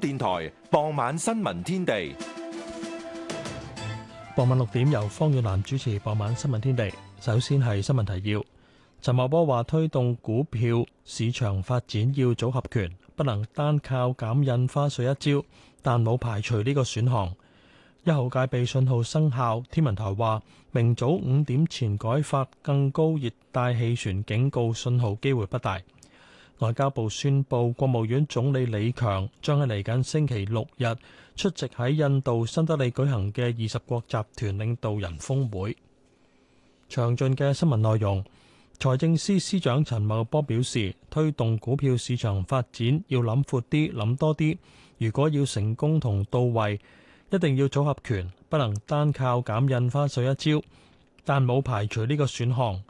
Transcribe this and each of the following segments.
電台傍晚新聞天地，傍晚六點由方遠蘭主持。傍晚新聞天地，首先係新聞提要。陳茂波話推動股票市場發展要組合拳，不能單靠減印花稅一招，但冇排除呢個選項。一號戒備信號生效，天文台話明早五點前改發更高熱帶氣旋警告信號機會不大。外交部宣布，國務院總理李強將喺嚟緊星期六日出席喺印度新德里舉行嘅二十國集團領導人峰會。詳盡嘅新聞內容，財政司司長陳茂波表示，推動股票市場發展要諗闊啲、諗多啲。如果要成功同到位，一定要組合拳，不能單靠減印花稅一招。但冇排除呢個選項，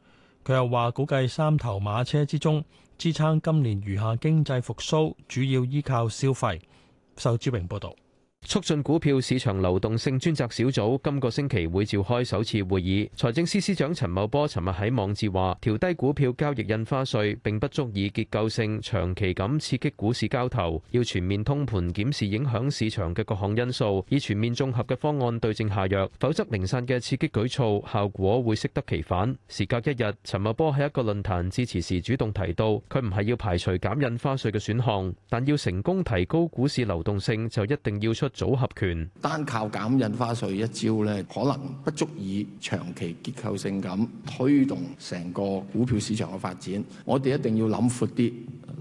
佢又話估計三頭馬車之中。支撐今年餘下經濟復蘇，主要依靠消費。仇志榮報道。促進股票市場流動性專責小組今個星期會召開首次會議。財政司司長陳茂波尋日喺網誌話，調低股票交易印花稅，並不足以結構性、長期咁刺激股市交投，要全面通盤檢視影響市場嘅各項因素，以全面綜合嘅方案對症下藥，否則零散嘅刺激舉措效果會適得其反。時隔一日，陳茂波喺一個論壇致辭時主動提到，佢唔係要排除減印花稅嘅選項，但要成功提高股市流動性就一定要出。組合拳，單靠減印花稅一招呢，可能不足以長期結構性咁推動成個股票市場嘅發展。我哋一定要諗闊啲。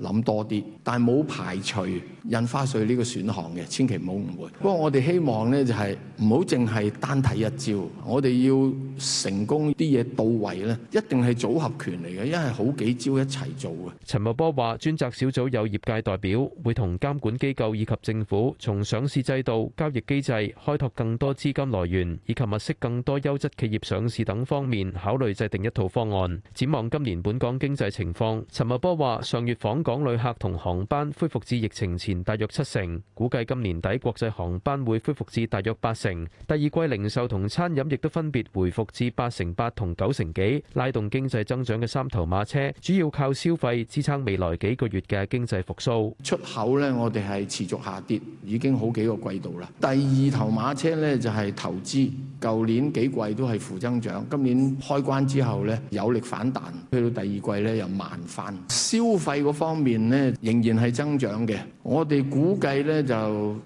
諗多啲，但係冇排除印花稅呢個選項嘅，千祈唔好誤會。不過我哋希望呢，就係唔好淨係單睇一招，我哋要成功啲嘢到位咧，一定係組合拳嚟嘅，因為好幾招一齊做嘅。陳茂波話：專責小組有業界代表，會同監管機構以及政府，從上市制度、交易機制、開拓更多資金來源以及物色更多優質企業上市等方面，考慮制定一套方案。展望今年本港經濟情況，陳茂波話：上月訪香港旅客同航班恢復至疫情前大約七成，估計今年底國際航班會恢復至大約八成。第二季零售同餐飲亦都分別恢復至八成八同九成幾，拉動經濟增長嘅三頭馬車，主要靠消費支撐未來幾個月嘅經濟復甦。出口呢，我哋係持續下跌，已經好幾個季度啦。第二頭馬車呢，就係、是、投資，舊年幾季都係負增長，今年開關之後呢，有力反彈，去到第二季呢，又慢返。消費嗰方面，方面呢，仍然係增長嘅，我哋估計呢，就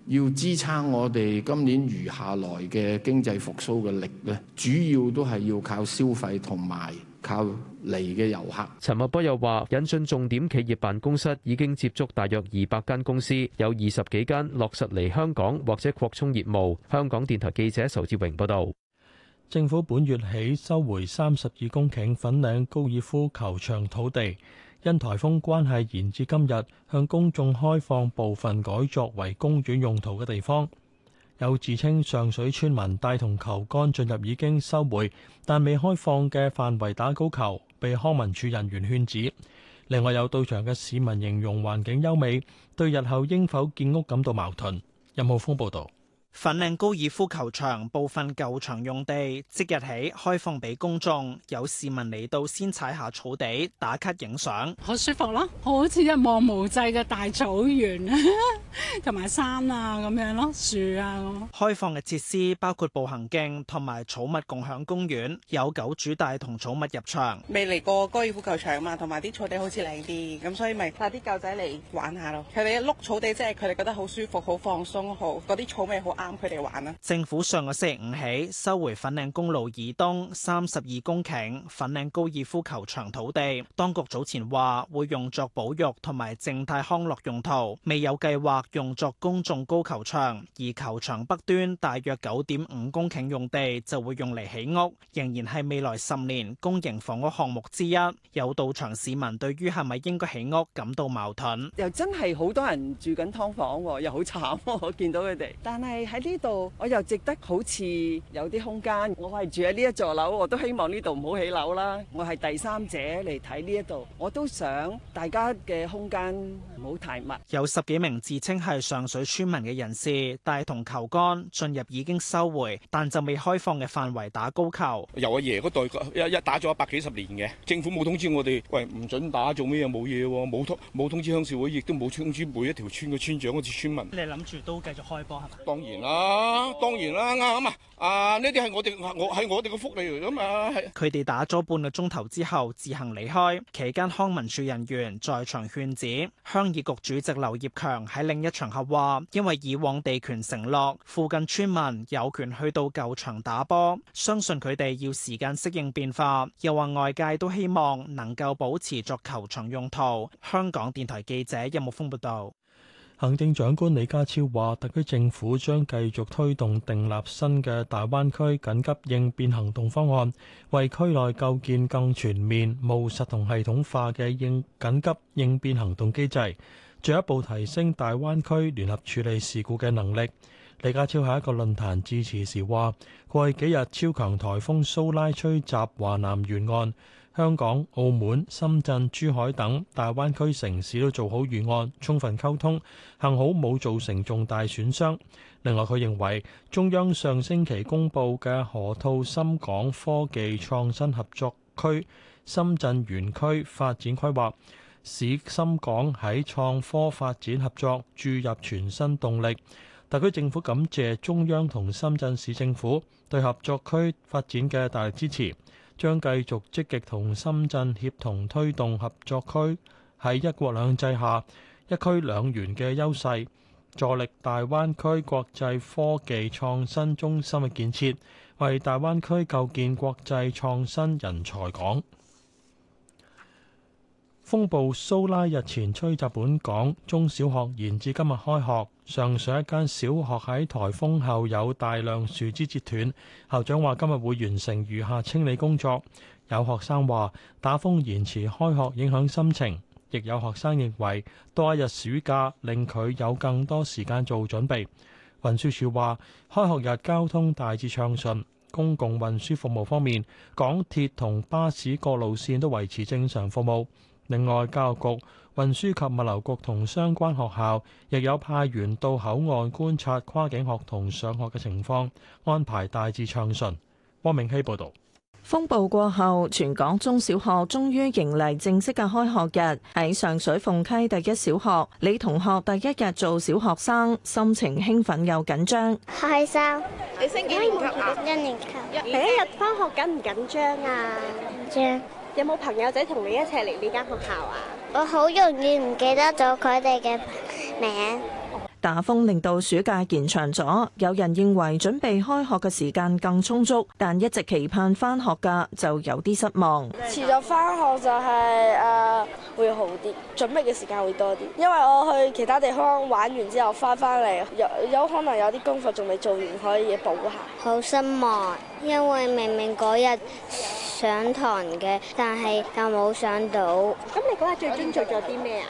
要支撐我哋今年餘下來嘅經濟復蘇嘅力呢，主要都係要靠消費同埋靠嚟嘅遊客。陳茂波又話：引進重點企業辦公室已經接觸大約二百間公司，有二十幾間落實嚟香港或者擴充業務。香港電台記者仇志榮報道。政府本月起收回三十二公頃粉嶺高爾夫球場土地。因颱風關係，延至今日向公眾開放，部分改作為公園用途嘅地方。有自稱上水村民帶同球桿進入已經收回、但未開放嘅範圍打高球，被康文署人員勸止。另外，有到場嘅市民形容環境優美，對日後應否建屋感到矛盾。任浩峰報道。粉嶺高爾夫球場部分舊場用地即日起開放俾公眾，有市民嚟到先踩下草地打卡影相，好舒服咯，好似一望無際嘅大草原，同 埋山啊咁樣咯，樹啊。那個、開放嘅設施包括步行徑同埋草物共享公園，有狗主帶同草物入場。未嚟過高爾夫球場嘛，同埋啲草地好似靚啲，咁所以咪帶啲狗仔嚟玩下咯。佢哋一碌草地即係佢哋覺得好舒服，好放鬆，好嗰啲草味好啱政府上個星期五起收回粉嶺公路以東三十二公頃粉嶺高爾夫球場土地，當局早前話會用作保育同埋靜態康樂用途，未有計劃用作公眾高球場。而球場北端大約九點五公頃用地就會用嚟起屋，仍然係未來十年公營房屋項目之一。有到場市民對於係咪應該起屋感到矛盾，又真係好多人住緊劏房喎，又好慘喎，我見到佢哋，但係。喺呢度我又值得好似有啲空間。我係住喺呢一座樓，我都希望呢度唔好起樓啦。我係第三者嚟睇呢一度，我都想大家嘅空間唔好太密。有十幾名自稱係上水村民嘅人士，帶同球杆進入已經收回但就未開放嘅範圍打高球。由阿爺嗰代一一打咗一百幾十年嘅政府冇通知我哋，喂，唔准打做咩嘢？冇嘢，冇通冇通知鄉事會，亦都冇通知每一條村嘅村長好似村民。你諗住都繼續開波係嘛？當然。啊，當然啦，啱啊！啊，呢啲係我哋，我係我哋嘅福利嚟噶嘛。佢哋打咗半個鐘頭之後自行離開。期間，康文署人員在場勸止。鄉議局主席劉業強喺另一場合話：因為以往地權承諾，附近村民有權去到舊場打波，相信佢哋要時間適應變化。又話外界都希望能夠保持作球場用途。香港電台記者任木峯報道。行政長官李家超話，特區政府將繼續推動訂立新嘅大灣區緊急應變行動方案，為區內構建更全面、務實同系統化嘅應緊急應變行動機制，進一步提升大灣區聯合處理事故嘅能力。李家超喺一個論壇致辭時話，過去幾日超強台風蘇拉吹襲華南沿岸。香港、澳門、深圳、珠海等大灣區城市都做好預案，充分溝通，幸好冇造成重大損傷。另外，佢認為,中央上星期公布嘅河套深港科技創新合作區,深圳園區發展規劃，使深港喺創科發展合作注入全新動力。特區政府感謝中央同深圳市政府對合作區發展嘅大力支持。將繼續積極同深圳協同推動合作區喺一國兩制下、一區兩園嘅優勢，助力大灣區國際科技創新中心嘅建設，為大灣區構建國際創新人才港。風暴蘇拉日前吹襲本港，中小學延至今日開學。上水一間小學喺台風後有大量樹枝折斷，校長話今日會完成餘下清理工作。有學生話打風延遲開學影響心情，亦有學生認為多一日暑假令佢有更多時間做準備。運輸署話開學日交通大致暢順，公共運輸服務方面，港鐵同巴士各路線都維持正常服務。另外，教育局、運輸及物流局同相關學校亦有派員到口岸觀察跨境學童上學嘅情況，安排大致暢順。汪明熙報導。風暴過後，全港中小學終於迎嚟正式嘅開學日。喺上水鳳溪第一小學，李同學第一日做小學生，心情興奮又緊張。開生羞，你升幾年級啊？一年級。第一日翻學緊唔緊張啊？緊張。有冇朋友仔同你一齊嚟呢間學校啊？我好容易唔記得咗佢哋嘅名。打風令到暑假延長咗，有人認為準備開學嘅時間更充足，但一直期盼返學嘅就有啲失望。遲咗返學就係、是、誒、呃、會好啲，準備嘅時間會多啲。因為我去其他地方玩完之後返返嚟，有有可能有啲功課仲未做完，可以補下。好失望，因為明明嗰日上堂嘅，但係又冇上到。咁你嗰日最終做咗啲咩呀？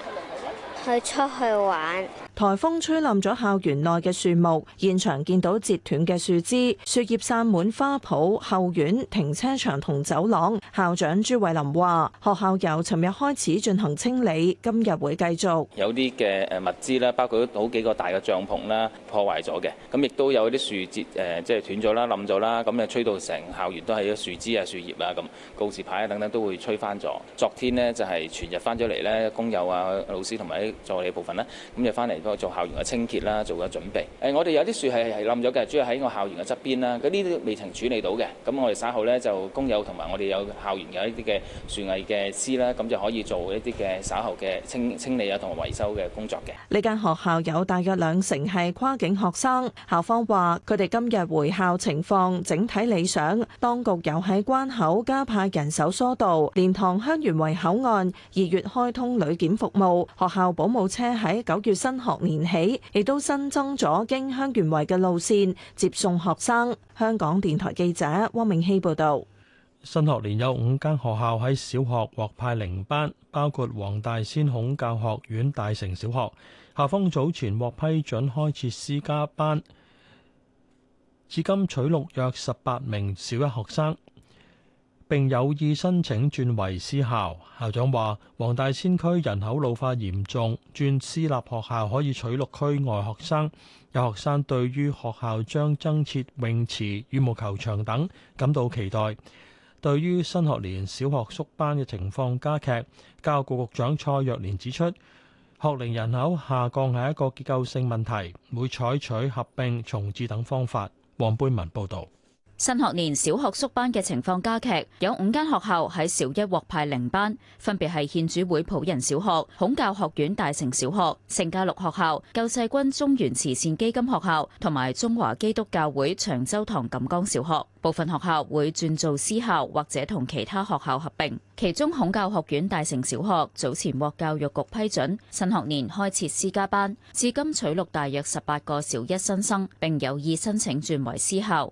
去出去玩。颱風吹冧咗校園內嘅樹木，現場見到折斷嘅樹枝、樹葉散滿花圃、後院、停車場同走廊。校長朱慧琳話：學校由尋日開始進行清理，今日會繼續。有啲嘅誒物資咧，包括好幾個大嘅帳篷啦，破壞咗嘅。咁亦都有啲樹枝誒，即係斷咗啦、冧咗啦。咁啊吹到成校園都係啲樹枝啊、樹葉啊，咁告示牌啊等等都會吹翻咗。昨天呢，就係全日翻咗嚟呢，工友啊、老師同埋助理部分咧，咁就翻嚟。做校園嘅清潔啦，做嘅準備。誒，我哋有啲樹係係冧咗嘅，主要喺我校園嘅側邊啦。咁呢啲未曾處理到嘅，咁我哋稍後咧就工友同埋我哋有校園有一啲嘅樹藝嘅師啦，咁就可以做一啲嘅稍後嘅清清理啊同埋維修嘅工作嘅。呢間學校有大約兩成係跨境學生，校方話佢哋今日回校情況整體理想。當局又喺關口加派人手疏導，蓮塘香園圍口岸二月開通旅檢服務，學校保姆車喺九月新學。年起，亦都新增咗經香園圍嘅路線，接送學生。香港電台記者汪明希報道：新學年有五間學校喺小學獲派零班，包括黃大仙孔教學院大成小學。校方早前獲批准開設私家班，至今取錄約十八名小一學生。並有意申請轉為私校。校長話：黃大仙區人口老化嚴重，轉私立學校可以取錄區外學生。有學生對於學校將增設泳池、羽毛球場等感到期待。對於新學年小學縮班嘅情況加劇，教育局局長蔡若蓮指出，學齡人口下降係一個結構性問題，會採取合併、重置等方法。黃貝文報導。新學年小學縮班嘅情況加劇，有五間學校喺小一獲派零班，分別係獻主會普仁小學、孔教學院大成小學、聖加禄學校、救世軍中原慈善基金學校同埋中華基督教會長洲堂錦江小學。部分學校會轉做私校或者同其他學校合併。其中孔教學院大成小學早前獲教育局批准新學年開設私家班，至今取錄大約十八個小一新生，生，並有意申請轉為私校。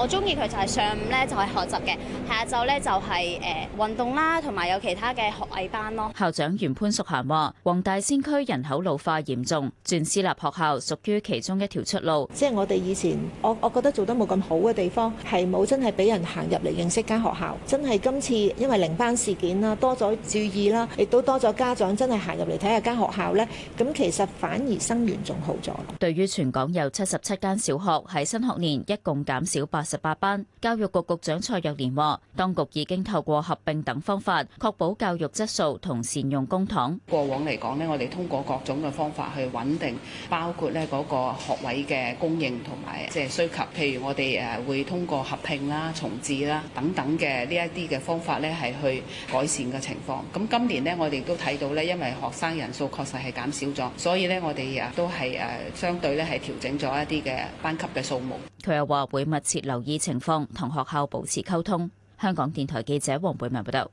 我中意佢就係上午咧就係學習嘅，下晝咧就係誒、呃、運動啦，同埋有其他嘅學藝班咯。校長袁潘淑霞話：黃大仙區人口老化嚴重，轉私立學校屬於其中一條出路。即係我哋以前，我我覺得做得冇咁好嘅地方，係冇真係俾人行入嚟認識間學校。真係今次因為零班事件啦，多咗注意啦，亦都多咗家長真係行入嚟睇下間學校咧。咁其實反而生源仲好咗。對於全港有七十七間小學喺新學年一共減少八。十八班，教育局局長蔡若蓮話，當局已經透過合併等方法，確保教育質素同善用公帑。過往嚟講咧，我哋通過各種嘅方法去穩定，包括咧嗰個學位嘅供應同埋即係需求。譬如我哋誒會通過合併啦、重置啦等等嘅呢一啲嘅方法咧，係去改善嘅情況。咁今年咧，我哋都睇到咧，因為學生人數確實係減少咗，所以咧我哋啊都係誒相對咧係調整咗一啲嘅班級嘅數目。佢又話會密切留。留意情況同學校保持溝通。香港電台記者黃貝文報道，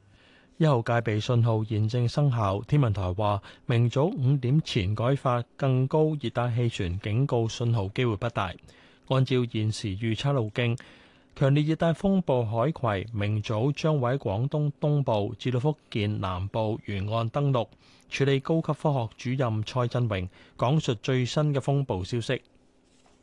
一號戒備信號現正生效。天文台話，明早五點前改發更高熱帶氣旋警告信號機會不大。按照現時預測路徑，強烈熱帶風暴海葵明早將會喺廣東東部至到福建南部沿岸登陸，處理高級科學主任蔡振榮講述最新嘅風暴消息。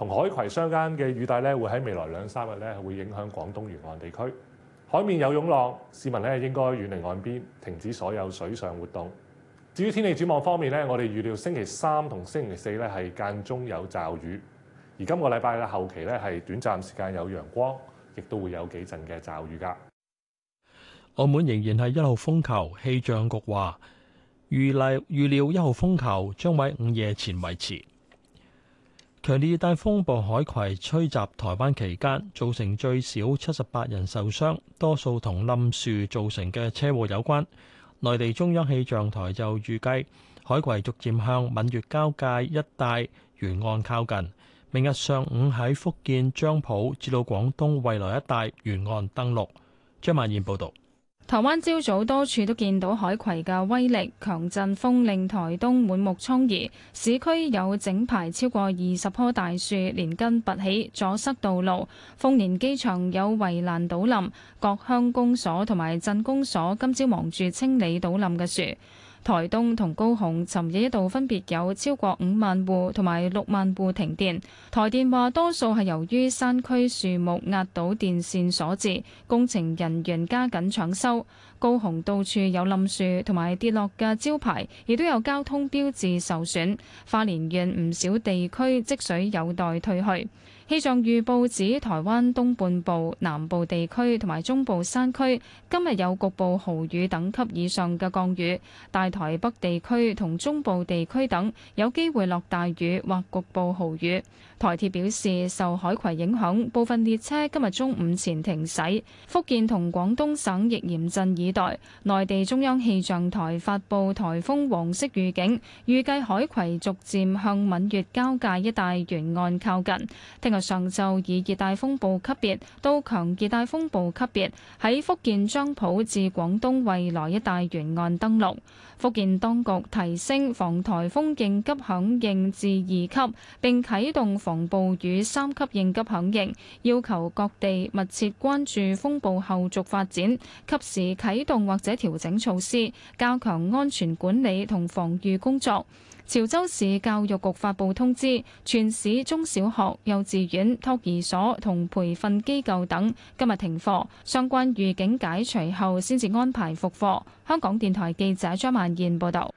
同海葵相間嘅雨帶咧，會喺未來兩三日咧，會影響廣東沿岸地區。海面有湧浪，市民咧應該遠離岸邊，停止所有水上活動。至於天氣展望方面咧，我哋預料星期三同星期四咧係間中有驟雨，而今個禮拜嘅後期咧係短暫時間有陽光，亦都會有幾陣嘅驟雨㗎。澳門仍然係一號風球，氣象局話預嚟預料一號風球將喺午夜前維持。強烈熱帶風暴海葵吹襲台灣期間，造成最少七十八人受傷，多數同冧樹造成嘅車禍有關。內地中央氣象台就預計海葵逐漸向閩粵交界一帶沿岸靠近，明日上午喺福建漳浦至到廣東惠來一帶沿岸登陸。張曼燕報導。台灣朝早多處都見到海葵嘅威力，強陣風令台東滿目瘡痍，市區有整排超過二十棵大樹連根拔起，阻塞道路；豐年機場有圍欄倒冧，各鄉公所同埋鎮公所今朝忙住清理倒冧嘅樹。台東同高雄尋日一度分別有超過五萬戶同埋六萬戶停電，台電話多數係由於山區樹木壓倒電線所致，工程人員加緊搶修。高雄到處有冧樹同埋跌落嘅招牌，亦都有交通標誌受損。花蓮縣唔少地區積水有待退去。氣象預報指，台灣東半部南部地區同埋中部山區今日有局部豪雨等級以上嘅降雨，大台北地區同中部地區等有機會落大雨或局部豪雨。台鐵表示，受海葵影響，部分列車今日中午前停駛。福建同廣東省亦嚴陣以待。內地中央氣象台發佈颱風黃色預警，預計海葵逐漸向閩粵交界一帶沿岸靠近。聽日上晝以熱帶風暴級別到強熱帶風暴級別喺福建漳浦至廣東惠來一帶沿岸登陸，福建當局提升防颱風應急響應至二級，並啟動防暴雨三級應急響應，要求各地密切關注風暴後續發展，及時啟動或者調整措施，加強安全管理同防禦工作。潮州市教育局發布通知，全市中小學幼稚園、托兒所同培訓機構等今日停課，相關預警解除後先至安排復課。香港電台記者張萬燕報道。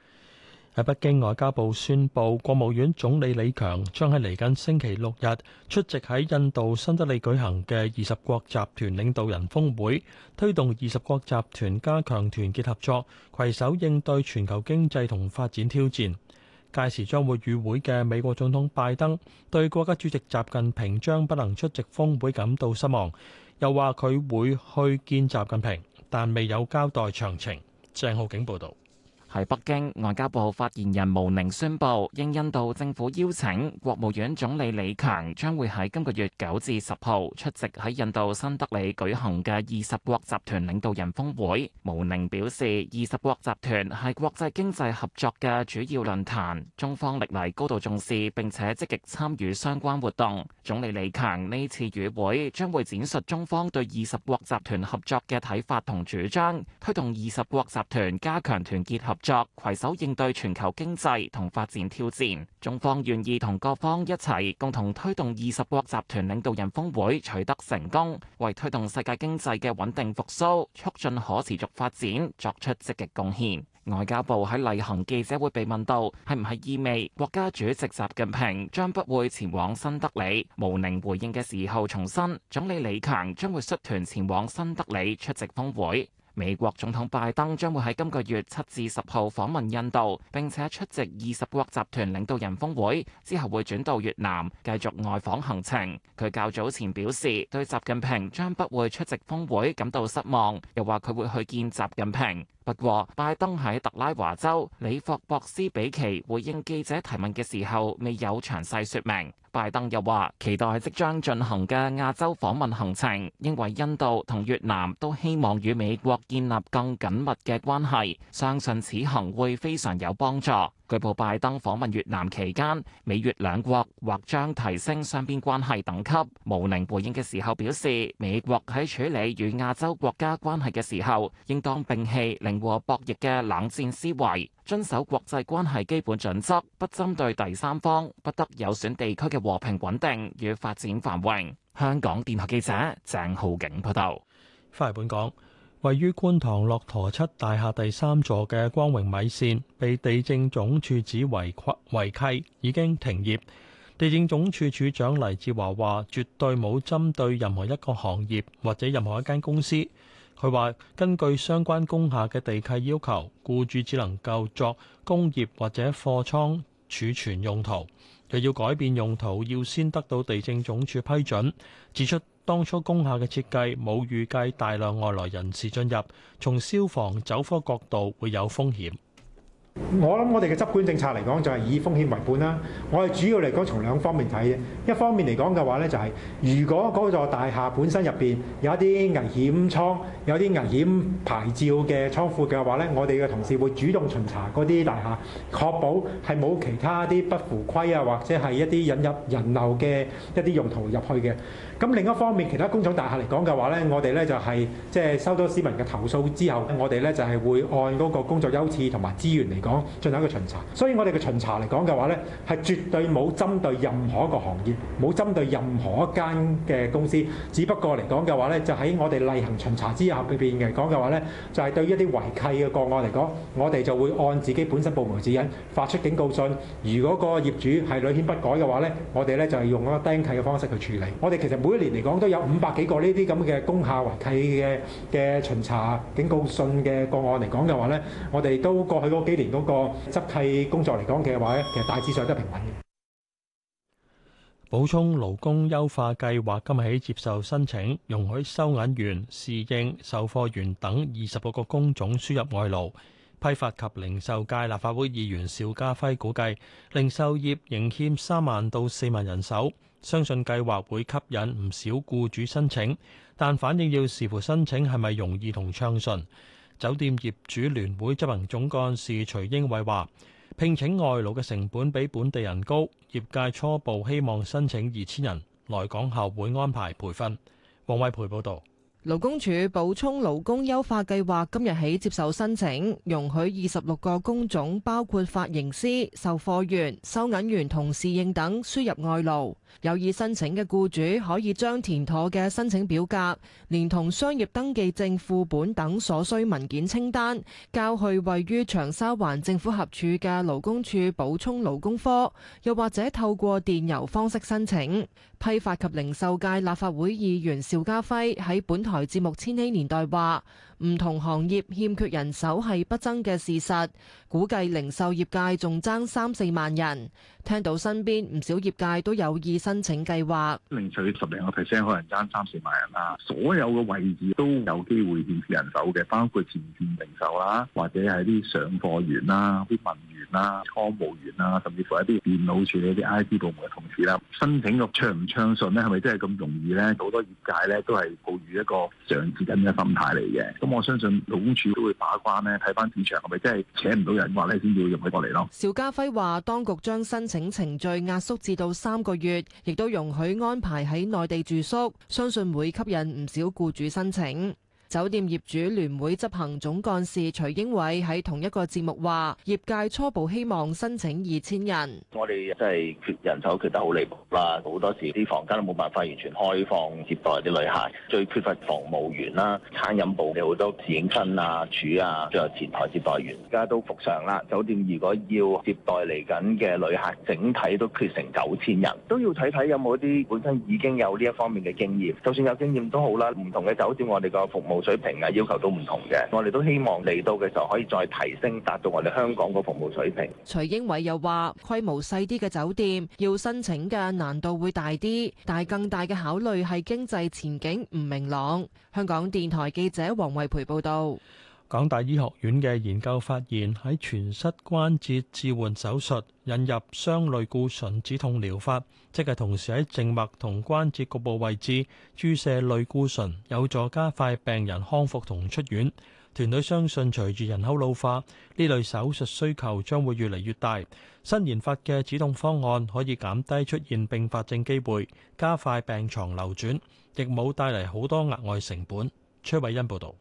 喺北京外交部宣布，國務院總理李強將喺嚟緊星期六日出席喺印度新德里舉行嘅二十國集團領導人峰會，推動二十國集團加強團結合作，攜手應對全球經濟同發展挑戰。屆時將會與會嘅美國總統拜登對國家主席習近平將不能出席峰會感到失望，又話佢會去見習近平，但未有交代詳情。鄭浩景報導。喺北京，外交部發言人毛寧宣布，應印度政府邀請，國務院總理李強將會喺今個月九至十號出席喺印度新德里舉行嘅二十國集團領導人峰會，毛寧表示，二十國集團係國際經濟合作嘅主要論壇，中方歷嚟高度重視並且積極參與相關活動，總理李強呢次與會將會展述中方對二十國集團合作嘅睇法同主張，推動二十國集團加強團結合作攜手應對全球經濟同發展挑戰，中方願意同各方一齊共同推動二十國集團領導人峰會取得成功，為推動世界經濟嘅穩定復蘇，促進可持續發展作出積極貢獻。外交部喺例行記者會被問到，係唔係意味國家主席習近平將不會前往新德里？毛寧回應嘅時候重申，總理李強將會率團前往新德里出席峰會。美國總統拜登將會喺今個月七至十號訪問印度，並且出席二十國集團領導人峰會，之後會轉到越南，繼續外訪行程。佢較早前表示，對習近平將不會出席峰會感到失望，又話佢會去見習近平。不過，拜登喺特拉華州里霍博斯比奇回應記者提問嘅時候，未有詳細説明。拜登又話：期待即將進行嘅亞洲訪問行程，因為印度同越南都希望與美國建立更緊密嘅關係，相信此行會非常有幫助。據報拜登訪問越南期間，美越兩國或將提升雙邊關係等級。毛寧回應嘅時候表示，美國喺處理與亞洲國家關係嘅時候，應當摒棄零和博弈嘅冷戰思維，遵守國際關係基本準則，不針對第三方，不得有損地區嘅和平穩定與發展繁榮。香港電台記者鄭浩景報道。翻嚟本港。位於觀塘駱駝七大廈第三座嘅光榮米線，被地政總署指為違契已經停業。地政總署署長黎志華話：絕對冇針對任何一個行業或者任何一間公司。佢話：根據相關工廈嘅地契要求，僱主只能夠作工業或者貨倉儲存用途，又要改變用途，要先得到地政總署批准。指出。當初工廈嘅設計冇預計大量外來人士進入，從消防、走火角度會有風險。我諗我哋嘅執管政策嚟講，就係以風險為本啦、啊。我哋主要嚟講從兩方面睇。一方面嚟講嘅話呢就係、是、如果嗰座大廈本身入邊有一啲危險倉、有啲危險牌照嘅倉庫嘅話呢，我哋嘅同事會主動巡查嗰啲大廈，確保係冇其他啲不符規啊，或者係一啲引入人流嘅一啲用途入去嘅。咁另一方面，其他工廠大廈嚟講嘅話呢，我哋呢就係即係收到市民嘅投訴之後，我哋呢就係會按嗰個工作優次同埋資源嚟。講進行一個巡查，所以我哋嘅巡查嚟講嘅話咧，係絕對冇針對任何一個行業，冇針對任何一間嘅公司。只不過嚟講嘅話咧，就喺我哋例行巡查之後入邊嚟講嘅話咧，就係對於一啲違契嘅個案嚟講，我哋就會按自己本身部門指引發出警告信。如果個業主係屢勸不改嘅話咧，我哋咧就係用一個釘契嘅方式去處理。我哋其實每一年嚟講都有五百幾個呢啲咁嘅工廈違契嘅嘅巡查警告信嘅個案嚟講嘅話咧，我哋都過去嗰幾年。嗰個執契工作嚟講嘅話，其實大致上都平穩嘅。補充勞工優化計劃今日起接受申請，容許收銀員、侍應、售貨員等二十六個工種輸入外勞。批發及零售界立法會議員邵家輝估計，零售業仍欠三萬到四萬人手，相信計劃會吸引唔少僱主申請，但反應要視乎申請係咪容易同暢順。酒店業主聯會執行總幹事徐英偉話聘請外勞嘅成本比本地人高，業界初步希望申請二千人，來港後會安排培訓，王偉培報道。勞工處補充勞工優化計劃今日起接受申請，容許二十六個工種，包括髮型師、售貨員、收銀員同侍應等輸入外勞。有意申請嘅僱主可以將填妥嘅申請表格，連同商業登記證副本等所需文件清單，交去位於長沙灣政府合署嘅勞工處補充勞工科，又或者透過電郵方式申請。批發及零售界立法會議員邵家輝喺本台節目《千禧年代》話。唔同行業欠缺人手係不爭嘅事實，估計零售業界仲爭三四萬人。聽到身邊唔少業界都有意申請計劃，領取十零個 percent 可能爭三四萬人啦。所有嘅位置都有機會欠缺人手嘅，包括前線零售啦，或者係啲上貨員啦、啲文員啦、倉務員啦，甚至乎一啲電腦處理嗰啲 IT 部門嘅同事啦。申請個暢唔暢順咧，係咪真係咁容易呢？好多業界咧都係抱住一個上節緊嘅心態嚟嘅。我相信勞工處都會把關呢，睇翻市場係咪真係請唔到人話呢？先要容許過嚟咯。邵家輝話，當局將申請程序壓縮至到三個月，亦都容許安排喺內地住宿，相信會吸引唔少僱主申請。酒店業主聯會執行總幹事徐英偉喺同一個節目話：業界初步希望申請二千人。我哋真係缺人手，缺得好離譜啦！好多時啲房間都冇辦法完全開放接待啲旅客，最缺乏房務員啦、啊、餐飲部嘅好多侍應生啊、廚啊，最後前台接待員，而家都復常啦。酒店如果要接待嚟緊嘅旅客，整體都缺成九千人，都要睇睇有冇啲本身已經有呢一方面嘅經驗，就算有經驗都好啦。唔同嘅酒店，我哋個服務水平啊，要求都唔同嘅，我哋都希望嚟到嘅時候可以再提升，達到我哋香港嘅服務水平。徐英偉又話規模細啲嘅酒店要申請嘅難度會大啲，但係更大嘅考慮係經濟前景唔明朗。香港電台記者黃慧培報道。港大醫學院嘅研究發現喺全膝關節置換手術引入雙類固醇止痛療法，即係同時喺靜脈同關節局部位置注射類固醇，有助加快病人康復同出院。團隊相信，隨住人口老化，呢類手術需求將會越嚟越大。新研發嘅止痛方案可以減低出現併發症機會，加快病床流轉，亦冇帶嚟好多額外成本。崔偉恩報道。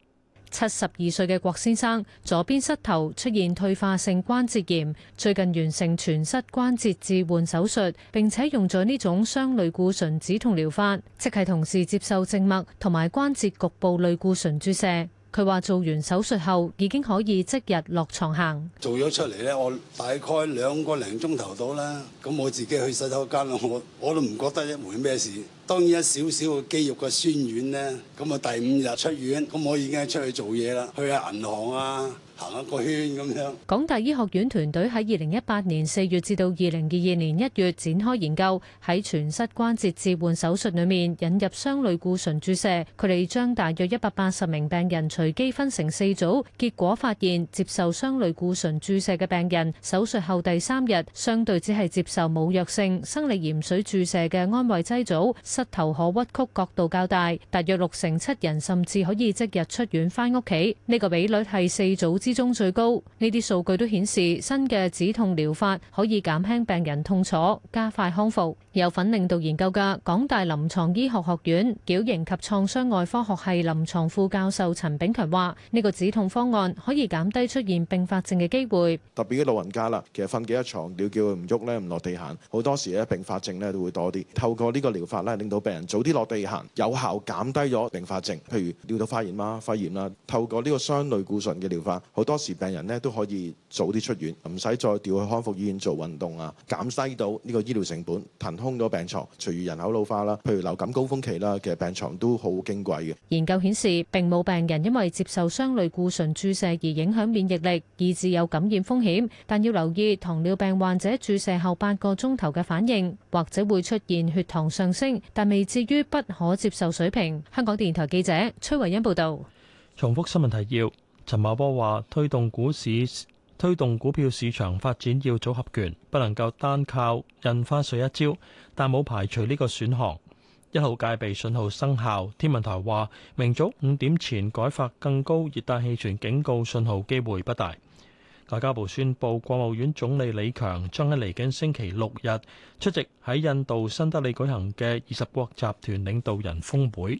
七十二歲嘅郭先生，左邊膝頭出現退化性關節炎，最近完成全膝關節置換手術，並且用咗呢種雙類固醇止痛療法，即係同時接受靜脈同埋關節局部類固醇注射。佢話做完手術後已經可以即日落床行，做咗出嚟咧，我大概兩個零鐘頭到啦。咁我自己去洗手間，我我都唔覺得一回咩事。當然一少少嘅肌肉嘅酸軟咧，咁啊第五日出院，咁我已經係出去做嘢啦，去下銀行啊。行一個圈咁樣。港大醫學院團隊喺二零一八年四月至到二零二二年一月展開研究，喺全膝關節置換手術裏面引入雙類固醇注射。佢哋將大約一百八十名病人隨機分成四組，結果發現接受雙類固醇注射嘅病人，手術後第三日相對只係接受冇藥性生理鹽水注射嘅安慰劑組，膝頭可屈曲角度較大，大約六成七人甚至可以即日出院返屋企。呢個比率係四組之中最高，呢啲數據都顯示新嘅止痛療法可以減輕病人痛楚，加快康復。有份領導研究嘅港大臨牀醫學學院矯形及創傷外科學系臨牀副教授陳炳強話：呢個止痛方案可以減低出現並發症嘅機會。特別嘅老人家啦，其實瞓幾多牀要叫佢唔喐咧，唔落地行好多時咧，並發症咧都會多啲。透過呢個療法咧，令到病人早啲落地行，有效減低咗並發症，譬如尿道發炎啦、肺炎啦。透過呢個雙類固醇嘅療法。好多時病人咧都可以早啲出院，唔使再調去康復醫院做運動啊，減低到呢個醫療成本，騰空咗病牀。隨住人口老化啦，譬如流感高峯期啦，其實病牀都好矜貴嘅。研究顯示並冇病人因為接受雙類固醇注射而影響免疫力，以致有感染風險，但要留意糖尿病患者注射後八個鐘頭嘅反應，或者會出現血糖上升，但未至於不可接受水平。香港電台記者崔維恩報道。重複新聞提要。陳茂波話：推動股市、推動股票市場發展要組合拳，不能夠單靠印花稅一招，但冇排除呢個選項。一號戒備信號生效，天文台話明早五點前改發更高熱帶氣旋警告信號機會不大。外交部宣佈，國務院總理李強將喺嚟緊星期六日出席喺印度新德里舉行嘅二十國集團領導人峰會。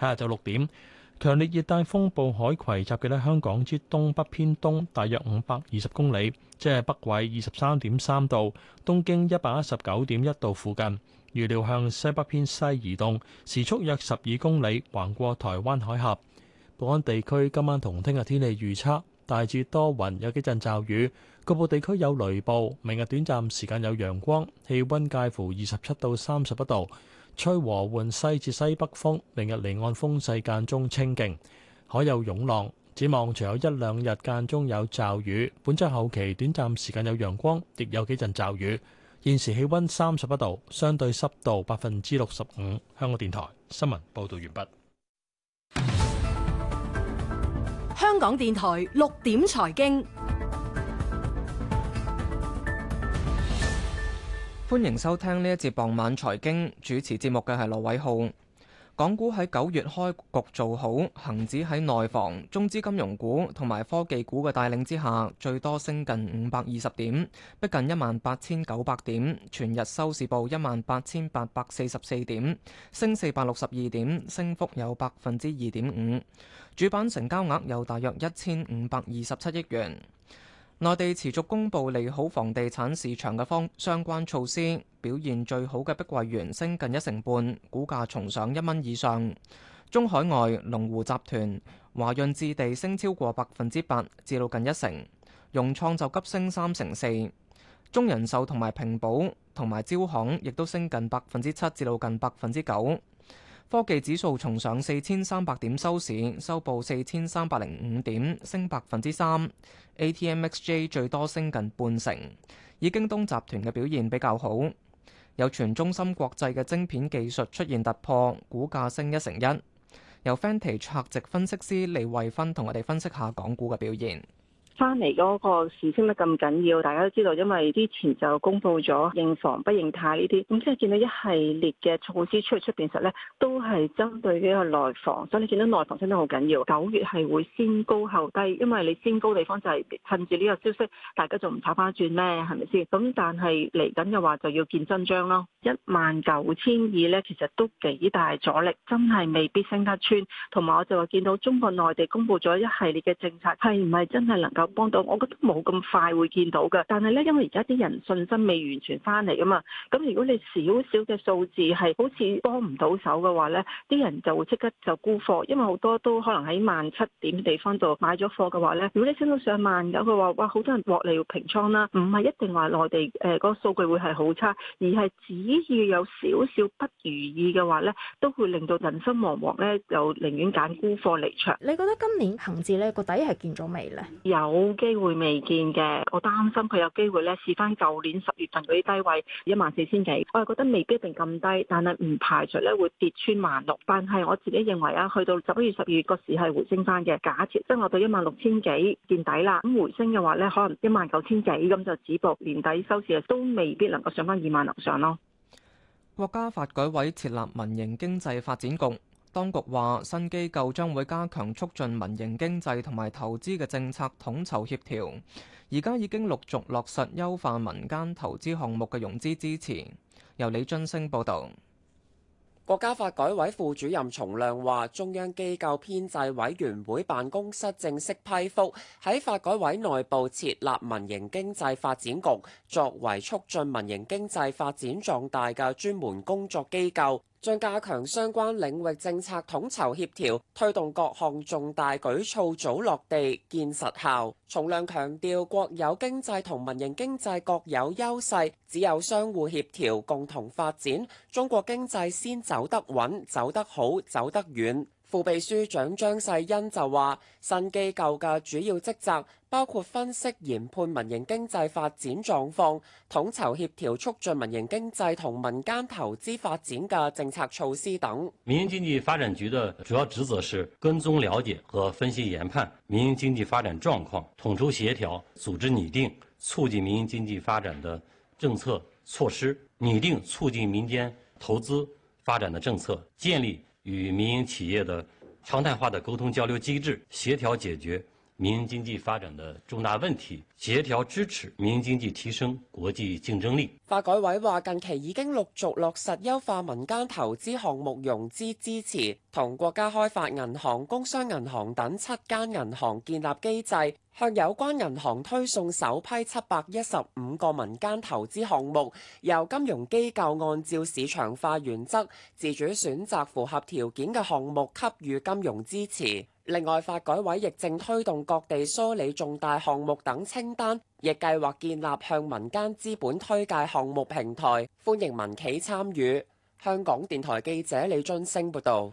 下晝六點，強烈熱帶風暴海葵集結喺，香港之東北偏東大約五百二十公里，即係北緯二十三點三度、東經一百一十九點一度附近，預料向西北偏西移動，時速約十二公里，橫過台灣海峽。本港地區今晚同聽日天氣預測大致多雲，有幾陣驟雨，局部地區有雷暴。明日短暫時間有陽光，氣温介乎二十七到三十一度。吹和緩西至西北風，明日離岸風勢間中清勁，海有湧浪。展望除有一兩日間中有驟雨，本周後期短暫時間有陽光，亦有幾陣驟雨。現時氣溫三十一度，相對濕度百分之六十五。香港電台新聞報道完畢。香港電台六點財經。歡迎收聽呢一節傍晚財經，主持節目嘅係羅偉浩。港股喺九月開局做好，恒指喺內房、中資金融股同埋科技股嘅帶領之下，最多升近五百二十點，逼近一萬八千九百點，全日收市報一萬八千八百四十四點，升四百六十二點，升幅有百分之二點五。主板成交額有大約一千五百二十七億元。內地持續公布利好房地產市場嘅方相關措施，表現最好嘅碧桂園升近一成半，股價重上一蚊以上。中海外、龍湖集團、華潤置地升超過百分之八，至到近一成。融創就急升三成四，中人壽同埋平保同埋招行亦都升近百分之七，至到近百分之九。科技指數重上四千三百點收市，收報四千三百零五點，升百分之三。ATMXJ 最多升近半成，以京東集團嘅表現比較好。有傳中芯國際嘅晶片技術出現突破，股價升一成一。由 Vantage 客席分析師李惠芬同我哋分析下港股嘅表現。翻嚟嗰個事升得咁緊要，大家都知道，因為之前就公布咗認房不認貸呢啲，咁即係見到一系列嘅措施出嚟，出面實呢都係針對呢個內房，所以你見到內房真係好緊要。九月係會先高後低，因為你先高地方就係趁住呢個消息，大家就唔炒翻轉咩？係咪先？咁但係嚟緊嘅話就要見真章咯。一萬九千二呢，其實都幾大阻力，真係未必升得穿。同埋我就話見到中國內地公布咗一系列嘅政策，係唔係真係能夠？幫到，我覺得冇咁快會見到嘅。但係咧，因為而家啲人信心未完全翻嚟啊嘛，咁如果你少少嘅數字係好似幫唔到手嘅話咧，啲人就會即刻就沽貨，因為好多都可能喺萬七點地方度買咗貨嘅話咧，如果你升到上萬九，佢話哇，好多人獲利要平倉啦，唔係一定話內地誒個數據會係好差，而係只要有少少不如意嘅話咧，都會令到人心惶惶咧，就寧願揀沽貨離場。你覺得今年恒指咧個底係見咗未咧？有。冇機會未見嘅，我擔心佢有機會咧試翻舊年十月份嗰啲低位，一萬四千幾。我係覺得未必定咁低，但係唔排除咧會跌穿萬六。但係我自己認為啊，去到十一月、十二月個時係回升翻嘅。假設真落到一萬六千幾見底啦，咁回升嘅話咧，可能一萬九千幾咁就止步。年底收市都未必能夠上翻二萬樓上咯。國家發改委設立民營經濟發展局》。當局話，新機構將會加強促進民營經濟同埋投資嘅政策統籌協調。而家已經陸續落實優化民間投資項目嘅融資支持。由李津升報導。國家發改委副主任叢亮話，中央機構編制委員會辦公室正式批覆，喺發改委內部設立民營經濟發展局，作為促進民營經濟發展壯大嘅專門工作機構。將加強相關領域政策統籌協調，推動各項重大舉措早落地、見實效。重量強調，國有經濟同民營經濟各有優勢，只有相互協調、共同發展，中國經濟先走得穩、走得好、走得遠。副秘書長張世恩就話：新機構嘅主要職責包括分析研判民營經濟發展狀況，統籌協調促進民營經濟同民間投資發展嘅政策措施等。民營經濟發展局的主要職責是跟蹤了解和分析研判民營經濟發展狀況，統籌協調、組織擬定促進民營經濟發展的政策措施，擬定促進民間投資發展的政策，建立。與民營企業的常態化的溝通交流機制，協調解決民營經濟發展的重大問題。協調支持民營經濟提升國際競爭力。發改委話，近期已經陸續落實優化民間投資項目融資支持，同國家開發銀行、工商銀行等七間銀行建立機制，向有關銀行推送首批七百一十五個民間投資項目，由金融機構按照市場化原則自主選擇符合條件嘅項目給予金融支持。另外，發改委亦正推動各地梳理重大項目等清。亦計劃建立向民間資本推介項目平台，歡迎民企參與。香港電台記者李津星報道。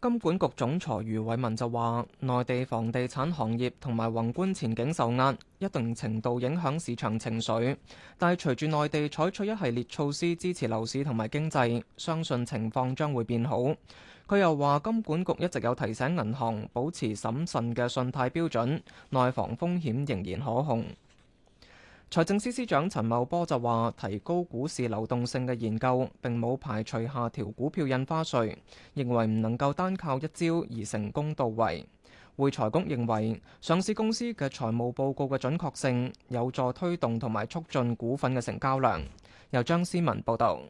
金管局總裁余偉文就話，內地房地產行業同埋宏觀前景受壓，一定程度影響市場情緒，但係隨住內地採取一系列措施支持樓市同埋經濟，相信情況將會變好。佢又話：金管局一直有提醒銀行保持審慎嘅信貸標準，內房風險仍然可控。財政司司長陳茂波就話：提高股市流動性嘅研究並冇排除下調股票印花稅，認為唔能夠單靠一招而成功到位。會財局認為上市公司嘅財務報告嘅準確性有助推動同埋促進股份嘅成交量。由張思文報導。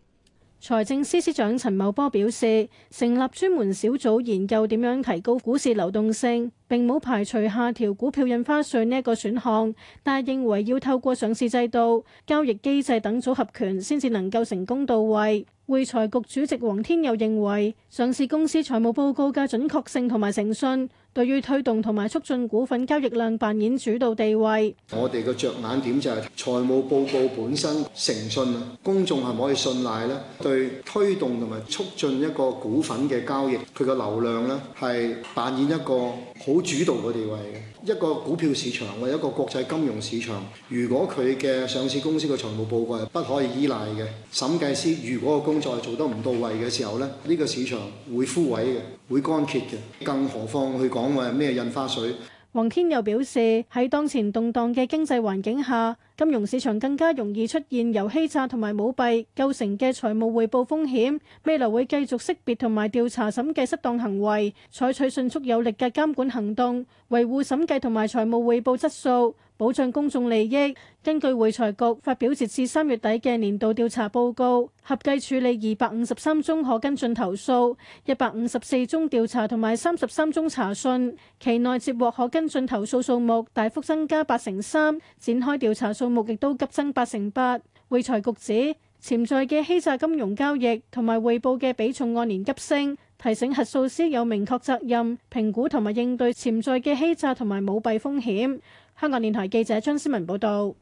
財政司司長陳茂波表示，成立專門小組研究點樣提高股市流動性，並冇排除下調股票印花稅呢一個選項，但係認為要透過上市制度、交易機制等組合拳先至能夠成功到位。會財局主席黃天佑認為，上市公司財務報告嘅準確性同埋誠信對於推動同埋促進股份交易量扮演主導地位，我哋嘅着眼點就係財務報告本身誠信，公眾係唔可以信賴咧。對推動同埋促進一個股份嘅交易，佢個流量咧係扮演一個好主導嘅地位嘅。一個股票市場或者一個國際金融市場，如果佢嘅上市公司嘅財務報告係不可以依賴嘅，審計師如果個工作係做得唔到位嘅時候咧，呢個市場會枯萎嘅。會乾涸嘅，更何況去講話咩印花稅。黃天佑表示，喺當前動盪嘅經濟環境下，金融市場更加容易出現由欺詐同埋舞弊構成嘅財務匯報風險，未來會繼續識別同埋調查審計失當行為，採取迅速有力嘅監管行動，維護審計同埋財務匯報質素。保障公眾利益。根據會財局發表截至三月底嘅年度調查報告，合計處理二百五十三宗可跟進投訴，一百五十四宗調查同埋三十三宗查詢。期內接獲可跟進投訴數目大幅增加八成三，展開調查數目亦都急增八成八。會財局指潛在嘅欺詐金融交易同埋匯報嘅比重按年急升。提醒核數師有明確責任評估同埋應對潛在嘅欺詐同埋舞弊風險。香港電台記者張思文報道。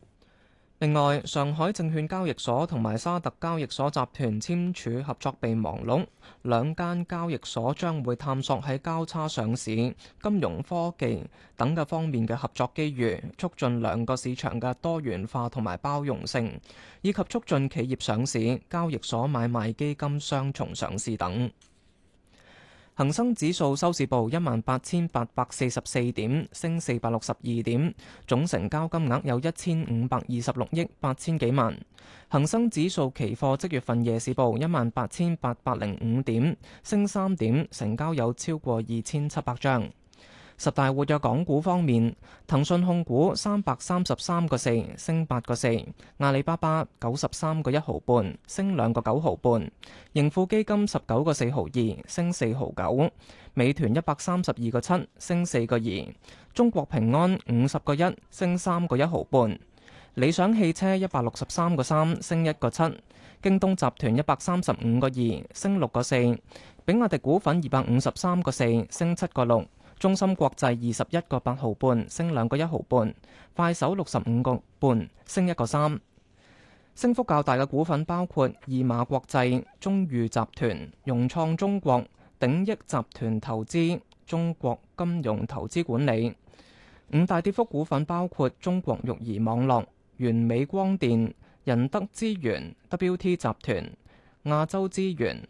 另外，上海證券交易所同埋沙特交易所集團簽署合作備忘錄，兩間交易所將會探索喺交叉上市、金融科技等嘅方面嘅合作機遇，促進兩個市場嘅多元化同埋包容性，以及促進企業上市、交易所買賣基金雙重上市等。恒生指數收市報一萬八千八百四十四點，升四百六十二點，總成交金額有一千五百二十六億八千幾萬。恒生指數期貨即月份夜市報一萬八千八百零五點，升三點，成交有超過二千七百張。十大活躍港股方面，騰訊控股三百三十三個四升八個四，阿里巴巴九十三個一毫半升兩個九毫半，盈富基金十九個四毫二升四毫九，美團一百三十二個七升四個二，中國平安五十個一升三個一毫半，理想汽車一百六十三個三升一個七，京東集團一百三十五個二升六個四，比亞迪股份二百五十三個四升七個六。中芯國際二十一個八毫半，升兩個一毫半；快手六十五個半，升一個三。升幅較大嘅股份包括二馬國際、中裕集團、融創中國、鼎益集團投資、中國金融投資管理。五大跌幅股份包括中國育兒網絡、完美光電、仁德資源、WT 集團、亞洲資源。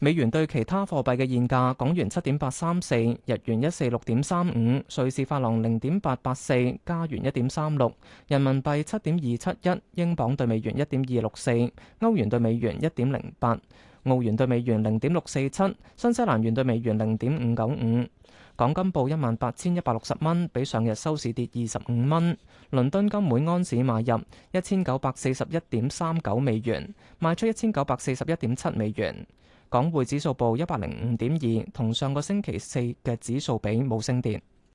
美元兌其他貨幣嘅現價：港元七點八三四，日元一四六點三五，瑞士法郎零點八八四，加元一點三六，人民幣七點二七一，英鎊對美元一點二六四，歐元對美元一點零八，澳元對美元零點六四七，新西蘭元對美元零點五九五。港金報一萬八千一百六十蚊，比上日收市跌二十五蚊。倫敦金每安士買入一千九百四十一點三九美元，賣出一千九百四十一點七美元。港匯指數報105.2，同上個星期四嘅指數比冇升跌。